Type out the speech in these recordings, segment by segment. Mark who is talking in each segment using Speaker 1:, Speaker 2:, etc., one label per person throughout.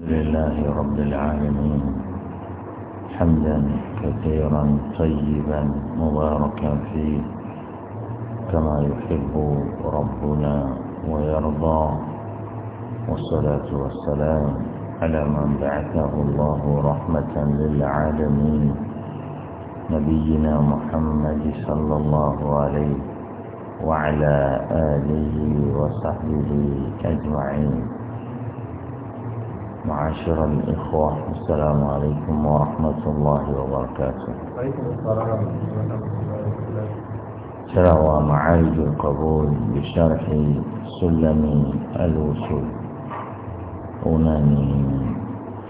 Speaker 1: الحمد لله رب العالمين حمدا كثيرا طيبا مباركا فيه كما يحب ربنا ويرضى والصلاة والسلام على من بعثه الله رحمة للعالمين نبينا محمد صلى الله عليه وعلى آله وصحبه أجمعين معاشر الإخوة السلام عليكم ورحمة الله وبركاته شرع معالج القبول بشرح سلم الوصول من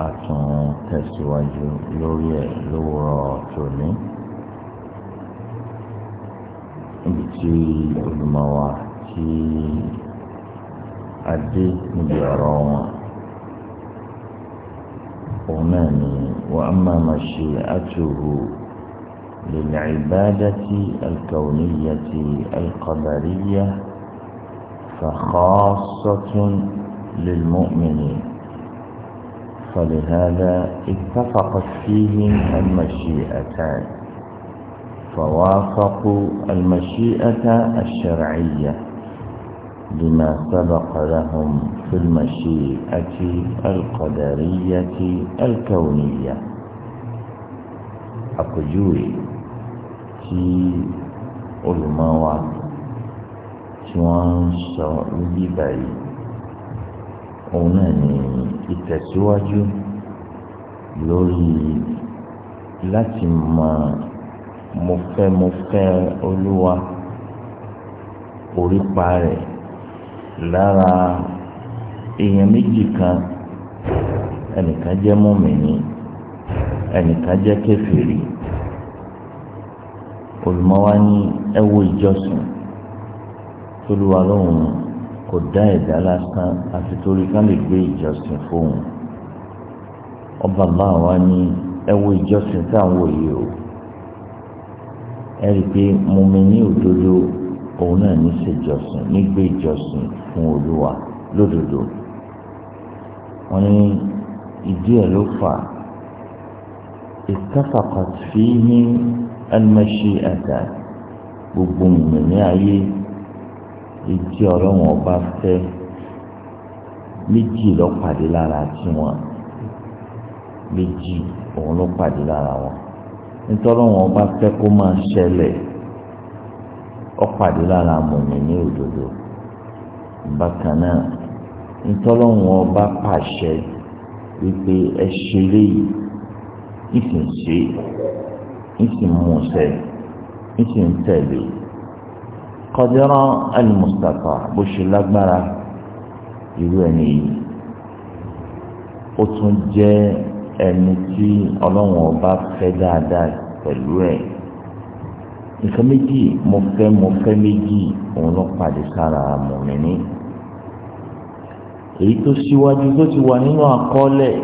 Speaker 1: أتون تسواج لوية لورا تولي بتي المواتي أدي مجرى أمامي وأما مشيئته للعبادة الكونية القدرية فخاصة للمؤمنين فلهذا اتفقت فيهم المشيئتان فوافقوا المشيئة الشرعية لما سبق لهم في المشيئة القدرية الكونية àpèjúwe tí olùmọ̀ wa tí wọ́n ń sọ níbí báyìí òun náà ni ìtẹ̀síwájú lórí láti mọ mo fẹ́ mo fẹ́ olúwa orípa rẹ̀ lára èèyàn méjì kan ẹnìkan jẹ́ mọ́mìnì ẹnìkan jẹ́ kèfèrí olùmọ́wá ní ẹwọ́ ìjọsìn tólúwa lóhùn kò dá ẹ̀dá lásán àti torí ká lè gbé ìjọsìn fóun ọba máa wá ní ẹwọ́ ìjọsìn táwọn yìí o ẹ̀rí pé mọ́mìnì òdodo òun náà ní ṣèjọsìn nígbè ìjọsìn fún olúwa lódodo wọ́n ní ìdí ẹ̀ ló fà á ittafaqat fihi al-mashi'ata gbogbo mìíní ayé ìdí ọ̀rọ̀ wọn bá fẹ́ méjì ló pàdé lára tiwọn méjì òun ló pàdé lára wọn nítorí wọn bá fẹ́ kó máa ṣẹlẹ̀ ó lára mọ̀mí òdodo bákan náà ntọ́lọ́wọ́n ọba pàṣẹ wípé ẹ ṣe léyìí ìsìn ṣe ìsìn mùsẹ̀ ìsìn tẹ̀lé kọjọ́rọ́ al-mustafa bó ṣe lágbára irú ẹni yìí ó tún jẹ́ ẹni tí ọlọ́wọ́n ọba fẹ́ dáadáa pẹ̀lú ẹ̀ nǹkan méjì mo fẹ́ mo fẹ́ méjì òun ló pàdé sára mọ̀mí ní èyí tó síwájú tó ti wà nínú àkọọ́lẹ̀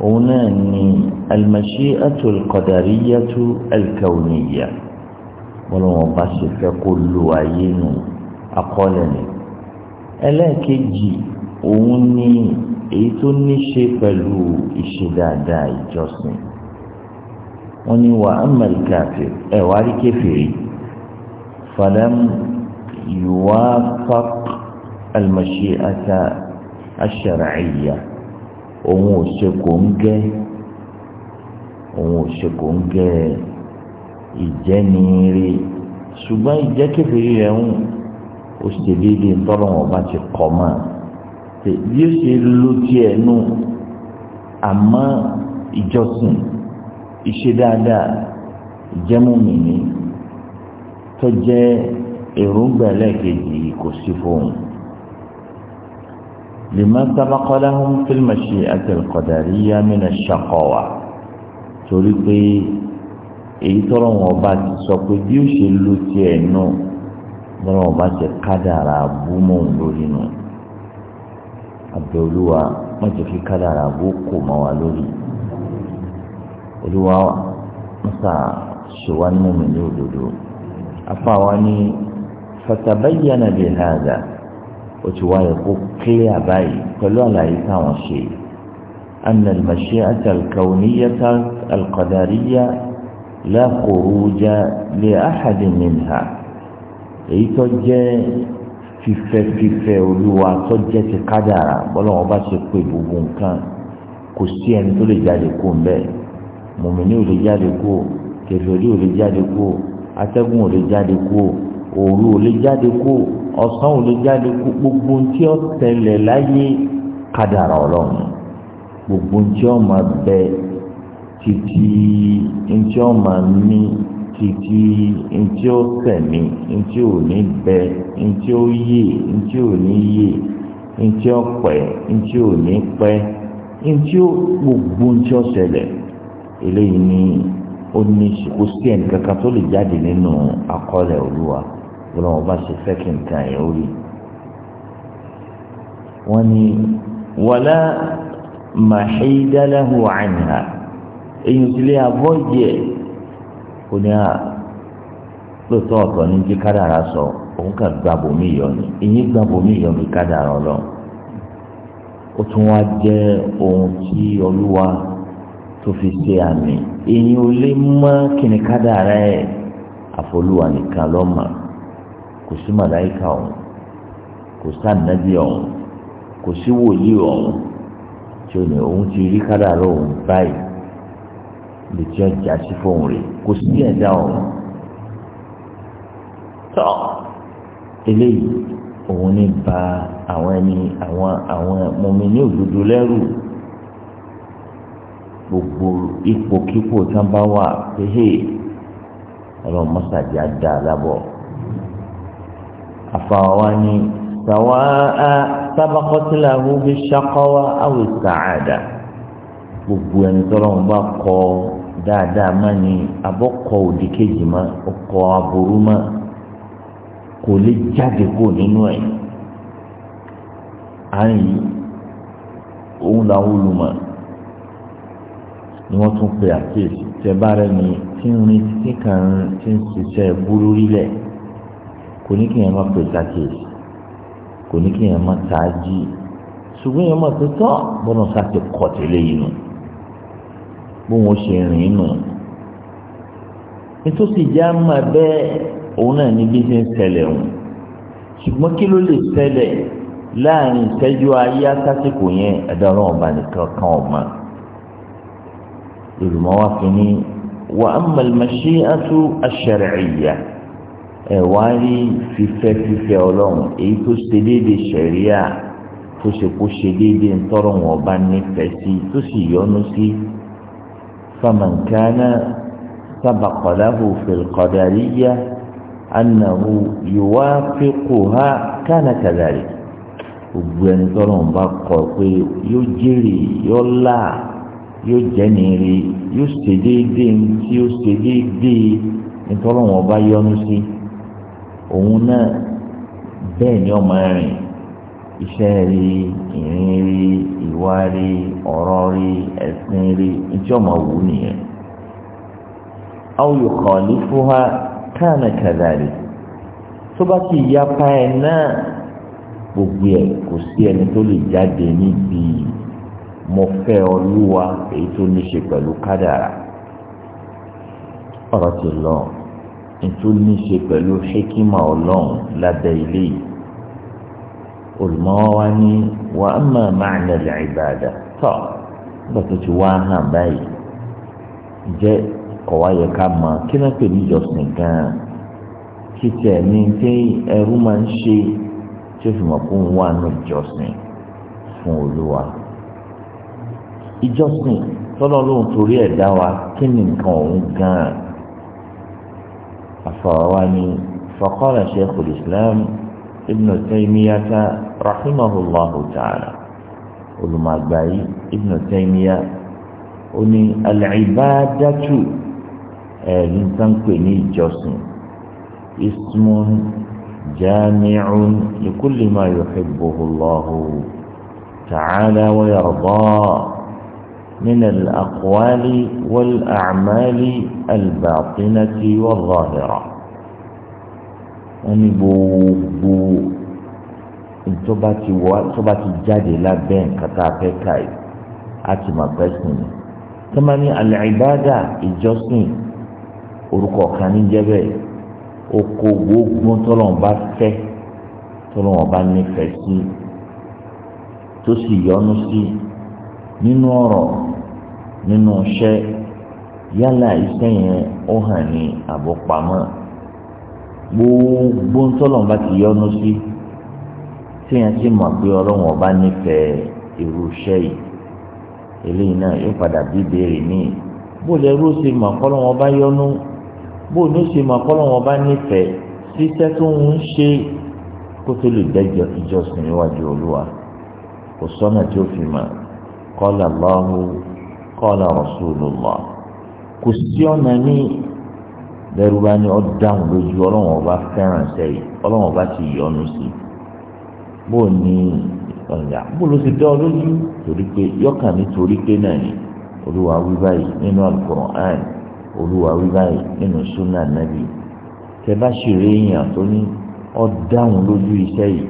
Speaker 1: òun náà ni al-mashi'atu al-qadariyatu al-kawniyya bọ́lọ́wọ́n bá ṣe fẹ́ kó lo ayé nù àkọọ́lẹ̀ ni ẹlẹ́ẹ̀kejì òun ni èyí tó ní ṣe ìṣe dáadáa ìjọsìn wọ́n ní wà amẹ́ríkà ẹ̀wà rí kẹfìrí fàlẹ́m yuwafaq al-mashi'ata aṣ òun ò ṣe kò ń gẹ́ òun ò ṣe kò ń gẹ ìjẹ́niire ṣùgbọ́n ìjẹ́kẹ̀fẹ̀rí rẹ̀ ń ó ṣe déédéé ntọ́lọ́wọ́n bá ti kọ́ mọ́ bí ó ṣe ló nù ìjọsìn ìṣe dáadáa tó èròǹgbà kò sí لما سبق لهم في المشيئة القدرية من الشقاوة torí pé èyí tọrọ wọn bá ti sọ pé bí ó ṣe lu tiẹ̀ nù tọrọ wọn bá ṣe kádàrà búmọ lórí nù abẹ́olúwa wọ́n ti fi kádàrà bó kò mọ́ wa lórí olúwa mọ́sà ṣèwá ní mọ́mí ní òdodo afáwa ní fatabayyana bihada ó ti wáyé kó kílíà báyìí pẹ̀lú àlàyé táwọn ṣe أن المشيئة الكونية القدرية لا خروج لأحد منها èyí tó jẹ́ fífẹ́ fífẹ́ olúwa tó jẹ́ ti kádàrà bọ́lọ́wọ́ bá ṣe pé gbogbo nǹkan kò sí ẹni tó lè jáde kó ń bẹ́ẹ̀ mùmíní ò lè jáde kó kèfèrí ò lè jáde kó atẹ́gùn ò lè jáde kó òru ò lè jáde kó ọ̀sán ò lè jáde kú gbogbo tí ó tẹ̀lé láyé kádàrá ọlọ́run gbogbo tí ó máa bẹ títí tí ó máa mí títí tí ó tẹ̀mí tí ò ní bẹ tí ó yé tí ò ní yé ntí ọpẹ ntí òní pẹ ntí gbogbo ntí ọsẹlẹ eléyìí ni ó ní kò sí ẹnìkankan tó lè jáde nínú àkọọ́lẹ̀ Olúwa ọlọ́run ọba ṣe fẹ́ kí nǹkan yẹn ó rí wọ́n ní wàlá màṣẹ́dáláhù àìníhà èyí lè kò ní ah, sọ òun kà gba bòmí yọ ni gba bòmí ó tún wá ohun tí olúwa tó fi ṣe àmì ò lè mọ kíni nìkan lọ́mọ. kò sí màláìka ọ̀hún kò sí ànábì ọ̀hún kò sí wòlíì ọ̀hún tí ó ní òun ti rí kádàrá òun báyìí lè tí ó jà sí fóun rè kò sí ẹ̀dá ọ̀hún tọ́ eléyìí òun ní ba àwọn ẹni àwọn àwọn mọ̀mí ní òdodo lẹ́rù gbogbo ipòkípò tí wọ́n bá wà pé hey ọlọ́run mọ́sàdí á dá a lábọ̀. أفاواني سواء سبقت له بالشقوى أو السعادة gbogbo ẹni tọ́lọ́run bá kọ dáadáa má ni abọ́kọ òdìkejì má ọkọ aburú má kò lè jáde kó nínú ẹ̀ àárín òun làwọn olùmọ̀ ni wọ́n tún pe àkíyèsí tẹ́ bá rẹ̀ ni tí ń rin títí kan ti ń ṣiṣẹ́ burú rí lẹ̀ kò ní kí yẹn má pè sákèsì kò ní kí yẹn má tààjì ṣùgbọ́n yẹn má pè tọ́ bọ́nà sáké kọ̀ tẹ́lẹ̀ yìí nù bó wọn ṣe rìn nù nítòsí ìjà máa bẹ́ẹ̀ òun náà ní bí ṣe ń ṣẹlẹ̀ wọn ṣùgbọ́n kí ló lè ṣẹlẹ̀ láàrin ìṣẹ́jú ayé àtàkùn yẹn ẹ̀dá ọlọ́run ọba nìkan kan ọ̀ma ìrùmọ́ wa fi ní wa amma al-mashi'atu ash ẹ̀wá rí fífẹ́ fífẹ́ ọlọ́run èyí tó ṣe déédéé ṣẹ̀ríà tó ṣe kó ṣe déédéé ńtọ́rọ̀ wọn bá nífẹ̀ẹ́ sí tó sì yọ́nú sí famankana sabakọlahu filkọdariya anahu yuwafiquha kana kadari gbogbo ẹni tọ́lọ̀ ń bá kọ pé yóò jèrè yóò là yóò jẹ́nìrì yóò ṣe déédéé tí yóò ṣe déédéé ńtọ́lọ̀ wọn bá yọ́nú sí òun náà bẹ́ẹ̀ ni ọmọ rìn iṣẹ́ rí ìrìn rí ìwà rí ọ̀rọ̀ rí ẹ̀sìn rí ìjọ ọmọ wù nìyẹn. àwọn olùkọ́ ní fún wa káàna kàdáàlì tó bá ti yapa ẹ̀ náà gbogbo ẹ̀ kò sí ẹni tó lè jáde níbi mo fẹ́ èyí tó ní ṣe pẹ̀lú kádàrà ọ̀rọ̀ ti lọ́ọ̀ ètò ní í ṣe pẹ̀lú hekima ọlọ́run lábẹ́ ilé yìí olùmọ́wá wá ní wa amma ma'na al-ibada tọ́ nígbà tó ti wá hàn báyìí jẹ́ kọ̀wá yẹ ká mọ kí náà pè ní ìjọsìn gan-an kí tiẹ̀ ní tí ẹrú máa ń ṣe tí ó fi mọ̀ kó ń wà ní ìjọsìn fún olúwa ìjọsìn tọ́lọ́ lóhun torí ẹ̀ dá wa kí ni nǹkan òun gan-an. أفواني فقال شيخ الإسلام ابن تيمية رحمه الله تعالى علماء باي ابن تيمية أني العبادة الإنسان كني جسم اسم جامع لكل ما يحبه الله تعالى ويرضاه من الأقوال والأعمال الباطنة والظاهرة أني بو بو ntobati wa ntobati jáde lábẹ́ nǹkan tá a fẹ́ ka yìí a ti máa fẹ́ sìn ní. tọ́mání alìbádà ìjọsìn orúkọ kan ní jẹ́bẹ̀ oko gbogbo tọ́lọ́mọba fẹ́ tọ́lọ́mọba nífẹ̀ẹ́ sí tó sì yọ́nú sí. Si nínú ọ̀rọ̀ nínú iṣẹ́ yálà iṣẹ́ yẹn ó hàn ní àbọ̀pamọ́ gbogbo ńtọ́lọ́n bá ti yọnu sí tíyẹn sì mọ̀ pé ọlọ́run ọba nífẹ̀ẹ́ irú iṣẹ́ yìí eléyìí náà yóò padà bí ìbéèrè míì bó lè rú sí mọ̀ kọ́lọ́run ọba yọnu bó ló sì mọ̀ kọ́lọ́run ọba nífẹ̀ẹ́ ṣíṣẹ́ tó ń ṣe kó tó lè gbẹ́jọ ìjọsìn níwájú olúwa kò sọ́nà tí ó fi mọ̀ qala Allahu qala Rasulullah kò sí ọ̀nà ní lẹ́rú bá ní ọ̀dáhùn lójú ọlọ́run ọba fẹ́ràn sẹ́yìn ọlọ́run ọba ti yọ́nú sí bó ní ọ̀nà bó ló ti dá ọ lójú torí pé yọkàn mi torí pé náà ni olúwa wí báyìí nínú Al-Qur'an olúwa wí báyìí nínú súnà nàbì tẹ bá sì ní ọ̀dáhùn lójú iṣẹ́ yìí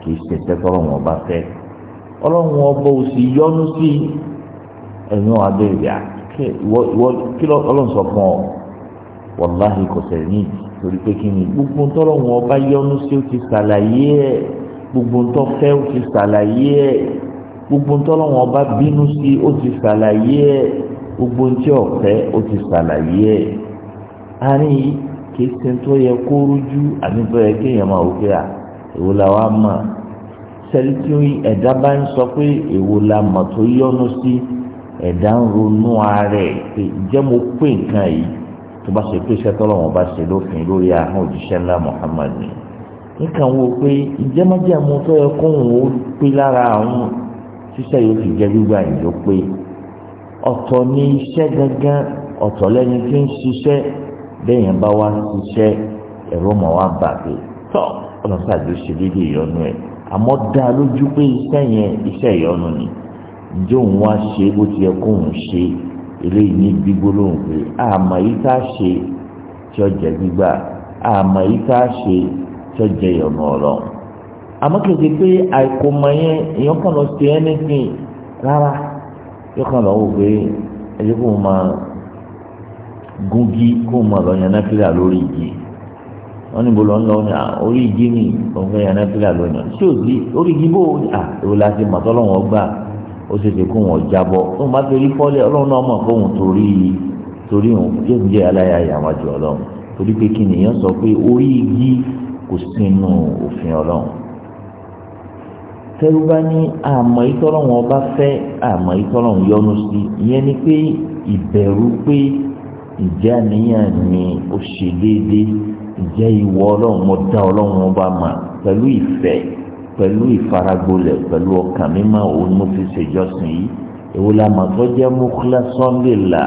Speaker 1: kì í ṣe tẹ́kọ̀ọ́ ọlọ́run ọba fẹ́ẹ́ ọlọ́run ọba ò sì yọnu sí ẹ̀yìn àbẹ̀rẹ̀ kí ọlọ́run sọ fún ọ wàláhì kò sẹ̀ ní torí pé kí ni gbogbo tọ́lọ́run ọba yọnu sí ó ti ṣàlàyé ẹ̀ gbogbo ntọ́ fẹ́ ó ti ṣàlàyé ẹ̀ gbogbo ntọ́lọ́run ọba bínú sí ó ti ṣàlàyé ẹ̀ gbogbo ntí ọ̀fẹ́ ó ti ṣàlàyé ẹ̀ àárín yìí kì í tó yẹ kó rújú àmì tó yẹ máa wò pé à èwo la wá máa sẹ́ni tí ẹ̀dá bá ń sọ pé èwo la mọ̀ tó yọnu sí ẹ̀dá ń ronú ara ẹ̀ pé ǹjẹ́ mo pé nǹkan yìí tó bá ṣe pé iṣẹ́ tọ́lọ̀ wọn bá ṣe lófin lórí ahọ́n òjíṣẹ́ ńlá Muhammad ni nǹkan wo pé ǹjẹ́ májàmú tó yẹ kó òun ó pé lára àwọn ṣiṣẹ́ yóò fi jẹ́ gbígbà ìjọ pé ọ̀tọ̀ ni iṣẹ́ gangan ọ̀tọ̀ lẹ́ni tí ń ṣiṣẹ́ bẹ́yẹn bá wá ṣiṣẹ́ ẹ̀rọ mọ̀ wá bàbẹ̀ tọ́ ọlọ́sàdé ṣe déédéé ìyọnu ẹ̀ àmọ́ dá lójú pé iṣẹ́ yẹn iṣẹ́ ìyọnu ni ǹjẹ́ òun wá ṣe bó ti yẹ kóun ṣe eléyìí ní gbígbólóhùn pé àmọ́ yìí tá a ṣe tí ó jẹ́ gbígbà àmọ́ yìí tá a ṣe tí ó jẹ́ ìyọnu ọlọ́run àmọ́ kìí pé àìkò mọ̀ yẹn èèyàn kàn lọ ṣe anything rárá yóò kàn lọ wò pé ẹjẹ kó o máa gúngi kó o máa lọ yan náfìlà lórí igi wọn níbo lọ ń lọ ní orí igi ní òun yẹn náà fílà lónìí tí ò sí orí igi bò ó ní à èwo la ti màtọ́ lọ́wọ́ gbà ó sì ti kó wọn jábọ́ tó ń bá torí fọ́lẹ́ ọlọ́run náà mọ̀ fóun torí torí òun yóò ń jẹ́ aláyàyà wọn jù ọlọ́run torí pé kí nìyẹn sọ pé orí igi kò sínú òfin ọlọ́run tẹ́rú bá ní àmọ́ ìtọ́lọ́run ọba fẹ́ àmọ́ ìtọ́lọ́run yọ́nú sí ìyẹn ni pé ìbẹ̀rù pé ìjà níyàn ni ó ṣe déédéé ǹjẹ́ ìwọ ọlọ́run mo dá ọlọ́run ọba mà pẹ̀lú ìfẹ́ pẹ̀lú ìfaragbolẹ̀ pẹ̀lú ọkàn mímọ́ òun mo fi ṣèjọsìn yìí èwo la mà tó jẹ́ mọ́kúlá sọ́ńdẹ̀là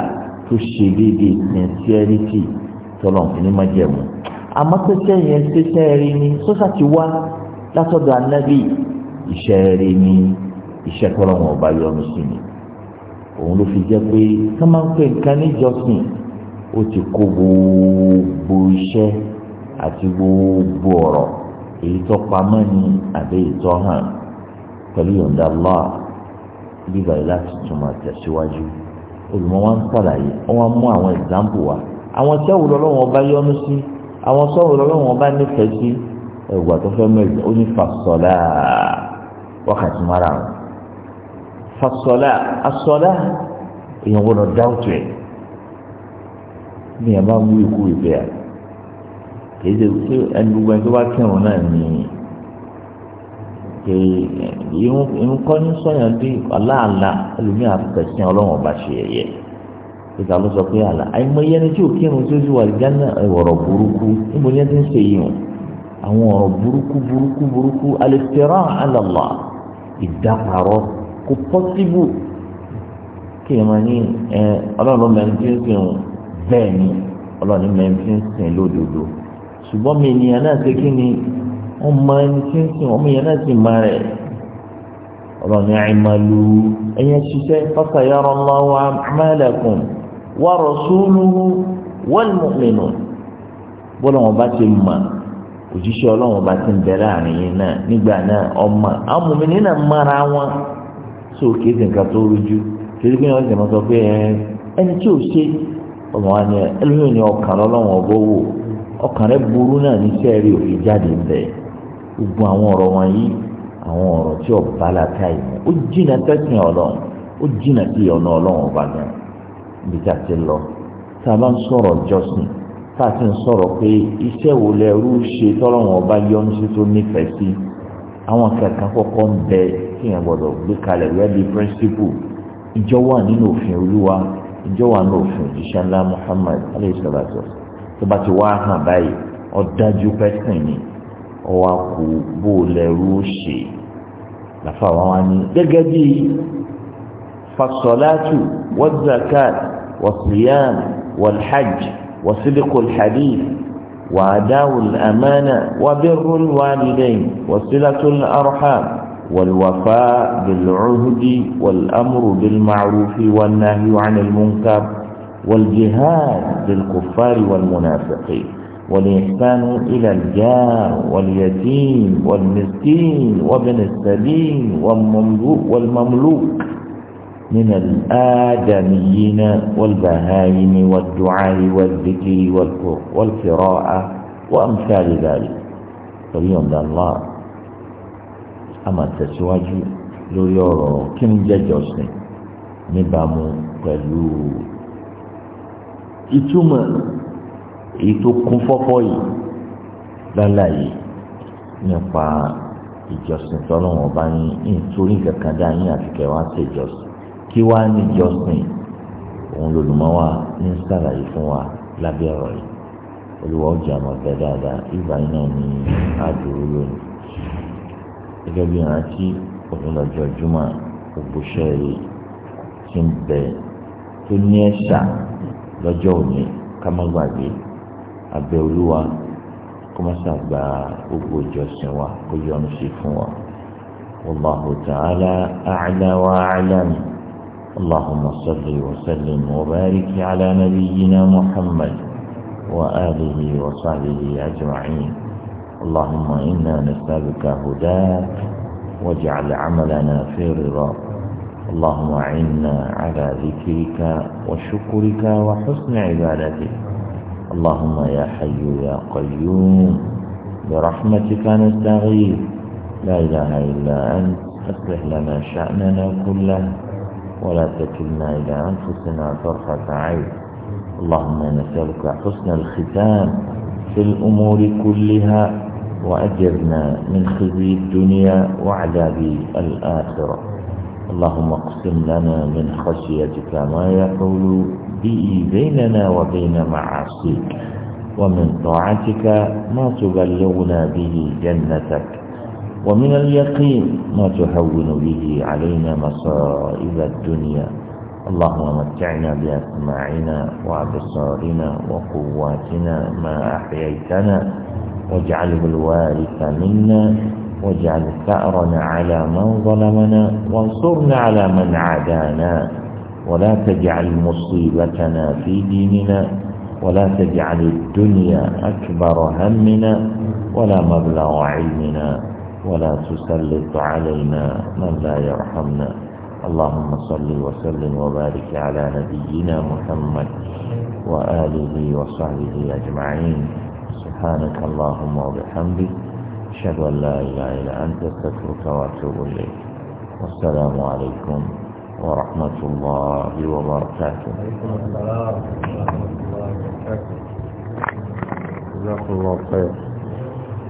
Speaker 1: tó ṣe déédéé sincerity tọ́lọ̀ ní má jẹ̀mú. àmọ́ pẹ́sẹ́ yẹn pẹ́sẹ́ rí ni sọ́sà ti wá látọ̀dọ̀ anábì iṣẹ́ rí ni iṣẹ́ tọ́lọ̀ wọn ọba yọnu sí ni òun ló fi jẹ́ pé ká máa ń pè nǹkan níjọsìn ó ti kó gbogbo iṣẹ́ àti gbogbo ọ̀rọ̀ èyí tó pamọ́ ni àbẹ́ ìtọ́ hàn pẹ̀lú yọ̀ǹda lọ́à bíbá yìí láti túmọ̀ tẹ̀síwájú olùmọ̀ wa ń sàlàyé wọ́n mú àwọn ìdáǹpù wa àwọn sẹ́wù lọ́lọ́wọ́n bá yọ́nú sí àwọn sẹ́wù lọ́lọ́wọ́n bá nífẹ̀ẹ́ sí ẹ̀wà tó fẹ́ mẹ́rin ó ní fasọ́lá wákàtí mara wọn fasọ́lá asọ́lá èèyàn gbọ́dọ̀ dáwọ́tò ẹ̀ ní ẹ̀ máa ń wí ikú ìfẹ́ yàrá kìí ṣe ṣé ẹni gbogbo ẹni tó bá kírun náà ni irun kọ́ ní sọ́yàn bí aláàlá ẹlòmíà tẹ̀sán ọlọ́run ọba ṣe ẹ̀yẹ ìgbà ló sọ pé àlà àìmọye ẹni tí ò kírun tí ó sì wà gánà ọ̀rọ̀ burúkú níbo ni ẹ ti ń ṣe yìí àwọn ọ̀rọ̀ burúkú burúkú burúkú alẹ́tẹ̀rọ àlàlà ìdáparọ́ kò pọ́síbù kí ní ọlọ́run mẹ́rin tí ń sìn bẹ́ẹ̀ ni ọlọ́run mẹ́rin tí ń sìn lódodo. ṣùgbọ́n mi ènìyàn náà ṣe kí ni wọ́n mọ ẹni tí ń sìn wọ́n ènìyàn náà sì mọ rẹ̀ ọ̀rọ̀ ní àìmọ̀lú ṣiṣẹ́ wa rasuluhu wal mu'minun bọ́lá wọn bá ti mọ̀ òjíṣẹ́ ọlọ́wọ́n bá ti ń bẹ láàrin yìí náà nígbà náà ọmọ mara wọn tó kéde nǹkan tó rújú pé sọ pé ẹni tí ò ṣe ọmọ wa ni ẹlòmíràn ọkàn rẹ burú náà ní sẹ́ẹ̀rì òfin jáde bẹ́ẹ̀ gbogbo àwọn ọ̀rọ̀ wọ̀nyí àwọn ọ̀rọ̀ tí ọba làkà yìí ó jìnnà tẹ̀sán ọlọ́run ó jìnnà sí ọ̀nà ọlọ́run ọba gan ibi tí a ti lọ tá a bá ń sọ̀rọ̀ jọ́sìn tá a ti ń sọ̀rọ̀ pé iṣẹ́ wo lẹ rú ṣe tọ́lọ́run ọba yọ́nú sí tó nífẹ̀ẹ́ sí àwọn kankan kọ́kọ́ ń bẹ kí yẹn gbọ́dọ̀ gbé kalẹ̀ rẹ́bí píríncípù ìjọ wà nínú òfin olúwa ìjọ wà nínú òfin òjíṣẹ́ ńlá Muhammad alayhi salatu wa sallam tó bá ti wá hàn báyìí ọ̀dájú pẹ́sìn ni ọwọ́ kò bó lẹ́rú ṣe làfà wọn wá ní gẹ́gẹ́ bí fasolatu wazakat wasiyam walhajj wasilikul hadith وأداء الأمانة وبر الوالدين وصلة الأرحام والوفاء بالعهد والأمر بالمعروف والنهي عن المنكر والجهاد للكفار والمنافقين والإحسان إلى الجار واليتيم والمسكين وابن السبيل والمملوك من الآدميين والبهائم والدعاء والذكر والقراءة وأمثال ذلك فاليوم ده الله أما تسواجي لو يورو كم جاجوسني نبامو pẹ̀lú ìtumọ̀ èyí tó kún fọ́fọ́ yìí lálàyé nípa ìjọsìn tọ́lọ́wọ́n bá ní nítorí kankan dá yín àti kẹwàá ṣe ìjọsìn kí wá ní ìjọsìn òun lòlùmọ́ wa ní sàlàyé fún wa lábẹ́ ọ̀rọ̀ yìí olùwọ́ ọjà àmọ̀fẹ́ dáadáa ìgbà yín náà ní àdúró lónìí gẹ́gẹ́ bí ìrántí òtúnlọ́jọ́ júmọ́ gbogbo ṣẹ́ẹ̀rì ti ń bẹ tó ní ẹ̀ṣà lọ́jọ́ òní ká má gbàgbé abẹ́ olúwa kó má ṣàgbà gbogbo ìjọsìn wa kó yọ́nú sí fún wa. والله تعالى أعلى وأعلم اللهم صل وسلم وبارك على نبينا محمد وآله وصحبه أجمعين اللهم إنا نسألك هداك واجعل عملنا في رضاك اللهم أعنا على ذكرك وشكرك وحسن عبادتك اللهم يا حي يا قيوم برحمتك نستغيث لا إله إلا أنت أصلح لنا شأننا كله ولا تكلنا إلى أنفسنا طرفة عين اللهم نسألك حسن الختام في الأمور كلها وأجرنا من خزي الدنيا وعذاب الآخرة اللهم اقسم لنا من خشيتك ما يحول به بيننا وبين معاصيك ومن طاعتك ما تبلغنا به جنتك ومن اليقين ما تهون به علينا مصائب الدنيا اللهم متعنا بأسماعنا وأبصارنا وقواتنا ما أحييتنا واجعله الوارث منا واجعل ثأرنا على من ظلمنا وانصرنا على من عادانا ولا تجعل مصيبتنا في ديننا ولا تجعل الدنيا أكبر همنا ولا مبلغ علمنا ولا تسلط علينا من لا يرحمنا اللهم صل وسلم وبارك على نبينا محمد وآله وصحبه أجمعين سبحانك اللهم وبحمدك أشهد أن لا إله إلا أنت استغفرك وأتوب إليك والسلام عليكم ورحمة الله وبركاته وعليكم السلام ورحمة الله وبركاته جزاكم الله خير